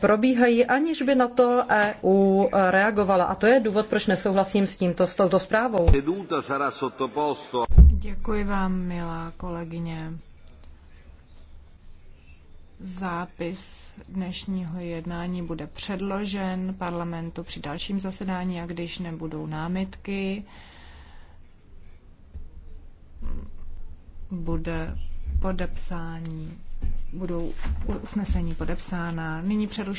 probíhají, aniž by na to EU reagovala. A to je důvod, proč nesouhlasím s tímto, s touto zprávou. Děkuji vám, milá kolegyně. Zápis dnešního jednání bude předložen parlamentu při dalším zasedání a když nebudou námitky, bude podepsání budou usnesení podepsána. Nyní přerušuji